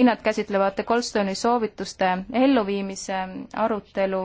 hinnad käsitlevate Goldstone'i soovituste elluviimise arutelu